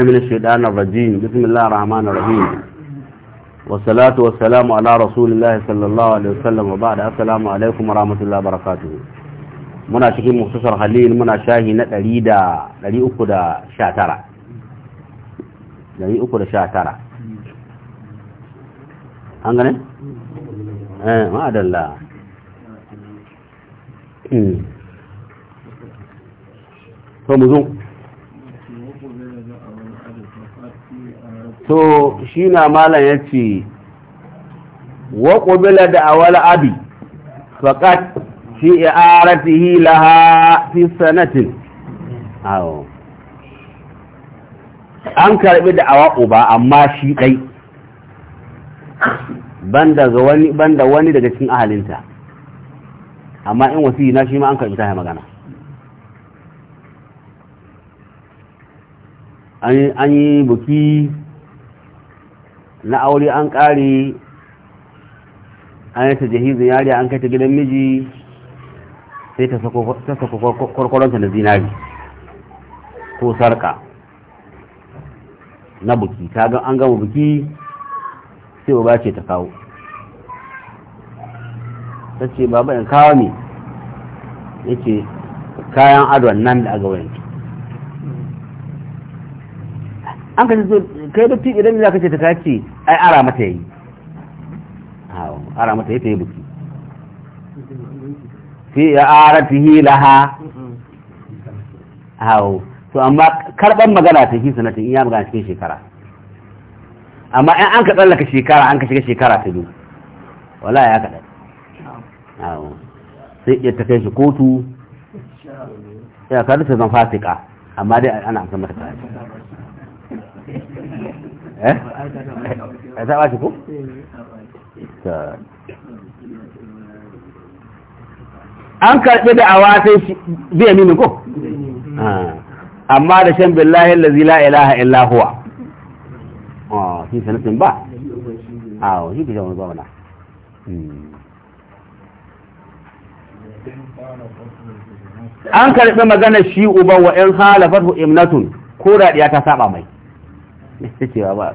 من الشيطان الرجيم بسم الله الرحمن الرحيم والصلاة والسلام على رسول الله صلى الله عليه وسلم وبعد السلام عليكم ورحمة الله وبركاته muna cikin muktasar halil muna shahi na 319 an gane? eh ma'adalla to mu zo to shi na malam ya ce wa ƙubila da awal abi faƙat fi i'aratihi laha fi sanatin an karɓi da awa uba amma shi ɗai banda wani daga cikin ahalinta amma in wasi na shi ma an karɓi ta magana an yi buki na aure an ƙare an yi ta jahizin yari an kai ta gidan miji sai ta sako kwarkwaronta na zinari ko sarka na buki ta ga an gama buki sai ba ce ta kawo ta ce baba in kawo ne yake kayan adon nan da aga wayanki an ka ce kai da idan za ka ce ta kace ai ara mata yayi ara mata yayi buki fi aratihi laha hau to amma karban magana ta fi sanatin iya magana cikin shekara amma in an ka tsallaka shekara an ka shiga shekara ta biyu wala ya kaɗa hau sai iya ta kai shi kotu ya kaɗa ta zan fasika amma dai ana amsa mata kaɗa eh, eh ko an karɓi da awa sai shi zai ko ah. amma da shan billahi lazi la ilaha illa huwa ah shi ba ah shi ke hmm. an karbe magana shi uban wa in halafatu imnatun ko da ta saba mai cewa ba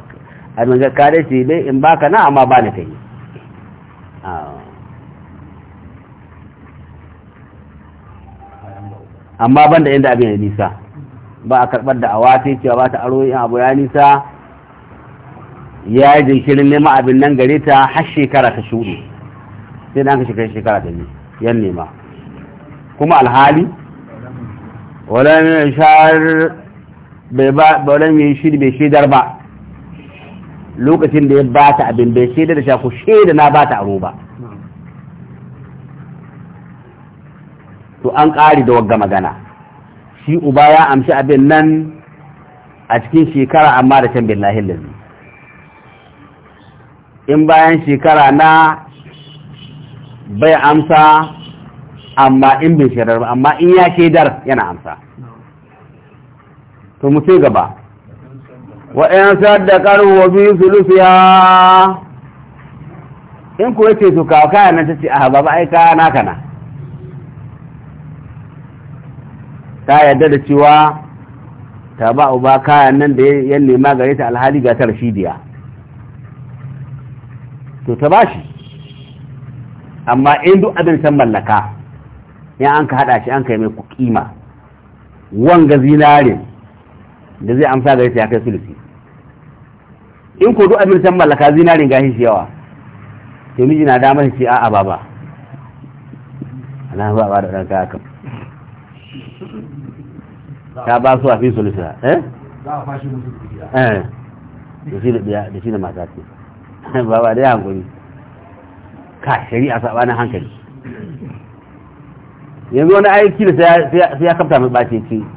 a min kare dai in ka na amma ba ni kai ah. amma ban da inda abin ya nisa ba a karɓar da awa sai cewa ba ta aro yin abu ya nisa ya yi jinkirin nema abin nan gare ta har shekara ta shuɗe sai da an ka shekara shekara ta biyu yan nema kuma alhali wadannan يشعر bai ba baulan yin shi bai shaidar ba lokacin da ya ba ta abin bai shaidar da shaku shaida na ba ta aro ba to an ƙari da wagga magana shi uba ya amshi abin nan a cikin shekara amma da can billahi lalzi in bayan shekara na bai amsa amma in bai shaidar ba amma in ya shaidar yana amsa to mu ce gaba wa in saddaqar wa bi sulusiha in kuwa ce su kawo nan ta ce a Hababa ai na naka na ta yadda da cewa ta ba uba kayan nan da ya nema gare ta alhali ga ta rashidiya to ta ba shi amma in duk abin san mallaka in an ka hada shi an yi mai kima wanga zinarin da zai amsa gare ta ya kai sulusi in ko duk abin san mallaka zinarin gashi shi yawa to miji na da damar shi a a baba Allah ba ba da ranka haka ta ba su a fi sulusi eh za a fashi musu eh da shi da biya da shi da mata ce baba da hankali ka shari'a sabanin hankali yanzu wani aiki da sai ya kamta mai bace ce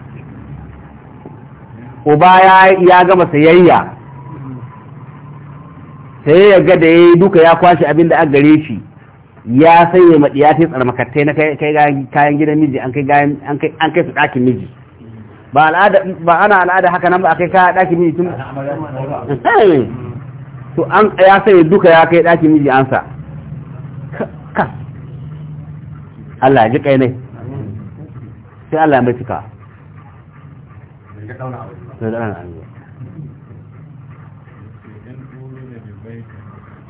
uba ya gama sayayya sai ya ga da ya yi duka ya kwashe abin da an gare shi ya sanya maɗiya ta tsarmakatai na kai kayan gidan miji an kai su ɗakin miji ba ana al'ada haka nan ba a kai kaya ɗakin miji tun to an ya sanya duka ya kai ɗakin miji an sa Allah ji kai ne sai Allah ya mai cika الآن عمي.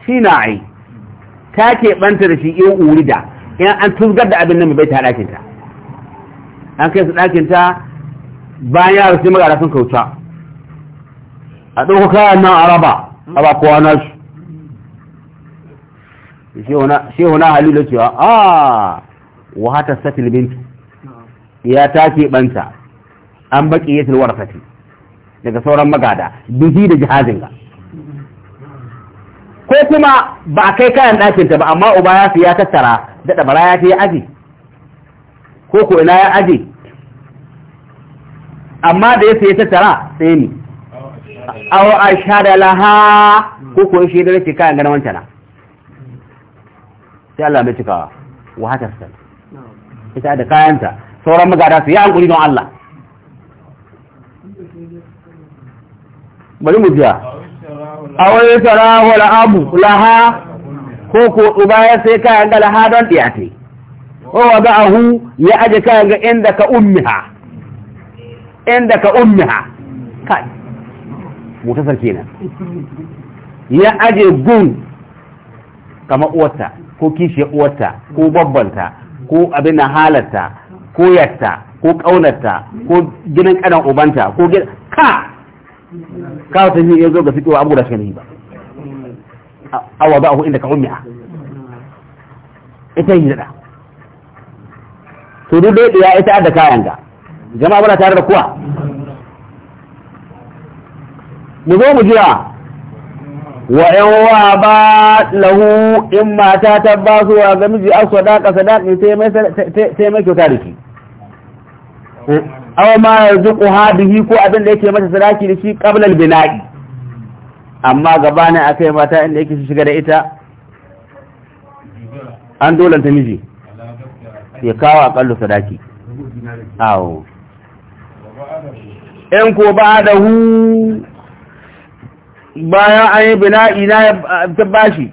shi na ai ta keɓanta da shi in urida in an tuzgar da abin nan mai baita ɗakinta an kai su ɗakinta bayan yaro sai magana sun kauta a ɗauko kayan nan a raba a ba kowa na shi shehu na halilu cewa a wahata satil bintu ya ta keɓanta an baƙi yatil warfati daga sauran magada bihi da jihazin ga ko kuma ba a kai kayan ɗakinta ba amma uba ya fi ya tattara da ɗabara ya fi ya aji ko ko ina ya aji amma da ya fi ya tattara sai ne. awa a sha da laha ko ko shi da rake kayan ganin wancan sai Allah mai cikawa wa hatar ita da kayanta sauran magada su yi hankuli don Allah bari mu biya a wani tarahu abu laha ko ko uba ya sai kayan ga laha don ɗiyate o wa ga ahu ya aje kayan ga inda ka ummiha inda ka ummiha kai sarki na, ya aje gun kama uwarta ko kishiyar uwarta ko babbanta ko abin na halarta ko yatta ko ƙaunarta ko ginin ƙanan ubanta ko gina ka kawo yi ya zo ga fitowa abu da shi ba awa ba ku inda ka umiya ita yi da to duk dai ya ita da kayan ga jama'a bana tare da kuwa mu zo mu jira wa wa ba lahu in mata ta ba su wa ga miji aswada ka sadaqi sai mai sai mai kyauta da shi aw ma yarzuquha bihi ko abin da yake mata sadaki da shi qabla al-bina'i amma gabanin akai mata inda yake shiga da ita an dolanta miji ya kawo akallu sadaki awo in ko ba da hu bayan an yi bina'i na ta bashi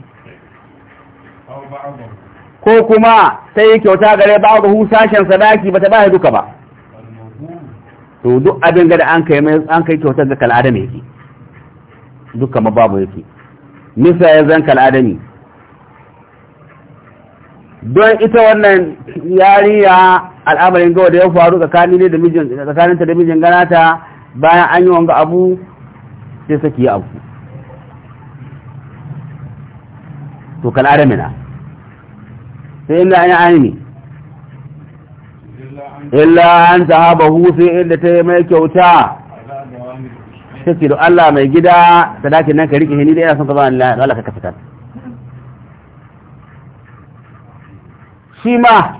ko kuma sai kyauta gare ba da hu sashen sadaki ba ta ba duka ba to duk abin da an kai mai an kai kyautar ga ne yake duk kama babu yake nisa ya zan ne don ita wannan yariya al'amarin gawa da ya faru tsakanin ne da mijin tsakaninta da mijin ganata bayan an yi wanga abu sai saki ya abu to kal'adami na sai inda an yi ainihi illa an haɓa hutu inda ta yi mai kyauta take da Allah mai gida sadakin nan ka rike ni da yana son ka ba Allah ka kafita shi ma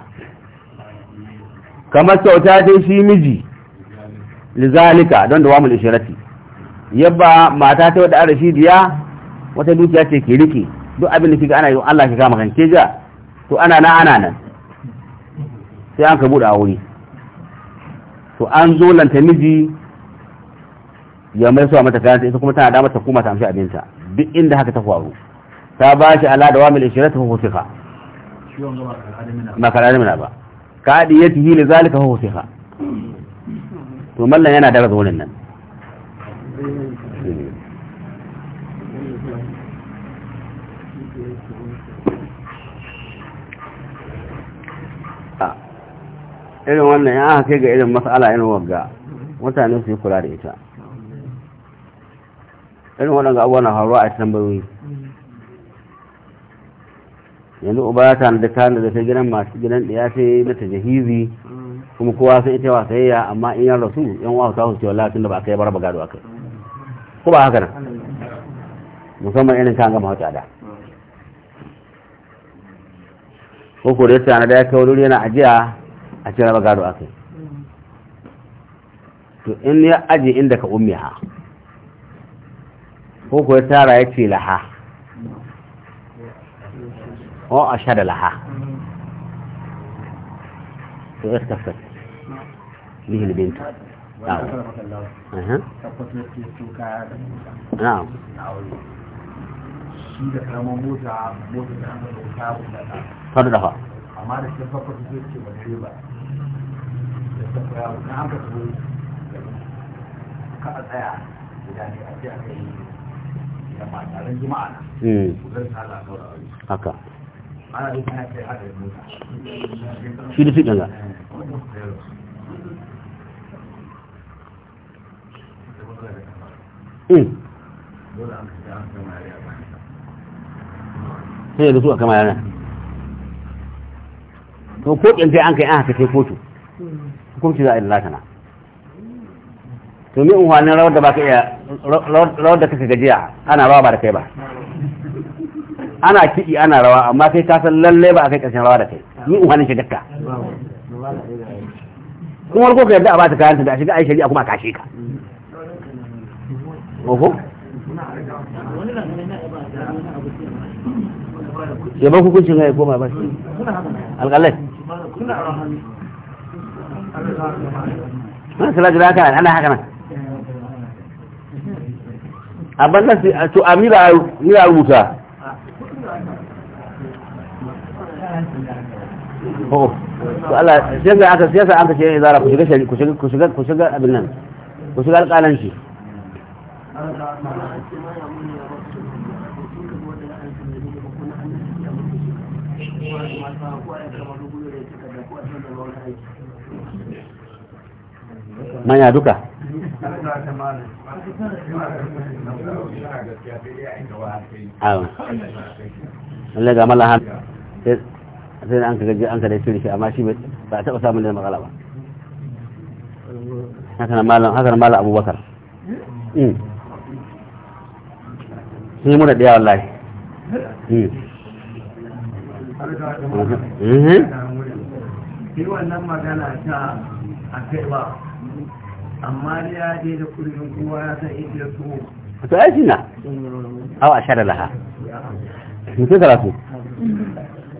kamar kyauta ta shi miji lizalika don da wamul ishirati yabba mata ta wadda arshidiya wata dukiya ce ke rike duk abin da kika ana yi Allah ki kama kan ke ja to ana na ana nan sai an ka bude a wuri to an zo lanta miji ya mai suwa mata kayanta ita kuma tana damar ta kuma ta amshi abinta duk inda haka ta faru ta ba shi ala da wamil ishirat fa hufiqa ba kalada mina ba ka adiyatihi li zalika fa hufiqa to mallan yana da wurin nan irin wannan ya haka ga irin matsala irin wagga mutane su yi kula da ita irin waɗanda abuwa na faruwa a tambayoyi yanzu uba ya tana da kayan da zai gidan masu gidan da ya sai na jahizi kuma kowa sun ita wa sayayya amma in yan rasu yan wasu ta hucewa latin da ba kai bar bagado akai ko ba haka nan musamman irin kan gama wata da ko ko da tana da ya kawo yana ajiya a cikin raba gado aka yi to in ya aje inda ka ummiha ko kuwa tara ya ce laha ko a sha da laha to ya tafsir lihil bintu na'am shi da karamar mota mota ta da wuta ta hannun da ta amma da shi ba farko zai ce ba ba na an ka tsaya guda ne a jima'a na kudin haka ana yi kana kai mota shi da fi ɗanga hmm. sai da su a kama yana to ko ƙyanke an kai an haka sai kotu hukunci za a yi latana to mi rawar da ka iya rawar da kake gajiya ana rawa ba da kai ba ana kiɗi ana rawa amma kai ka san lallai ba a kai ƙarshen rawa da kai ni mi shi shigarka kun wani ka yadda a ba ta kayan da a shiga a yi shari'a kuma a shi ka oho ya ban hukuncin ya koma ba alƙalai na salatu da haka ana haka nan abin nan sai to amira amira rubuta oh to Allah sai ga aka siyasa sai aka ce ya zara ku shiga ku ku shiga ku shiga abin nan ku shiga alƙalanci Thank you. manya duka Allah ga mala hannu sai an ka an ka dai shi amma shi ba ta taba samun da matsala ba hakan malam malam abubakar hmm. sun yi mura da yawan lahi hmm. mhm. mhm. yi wannan magana ta a kaiwa amma ya je da kullum kowa ya san inda su to ai shi na awa shara laha mutum karatu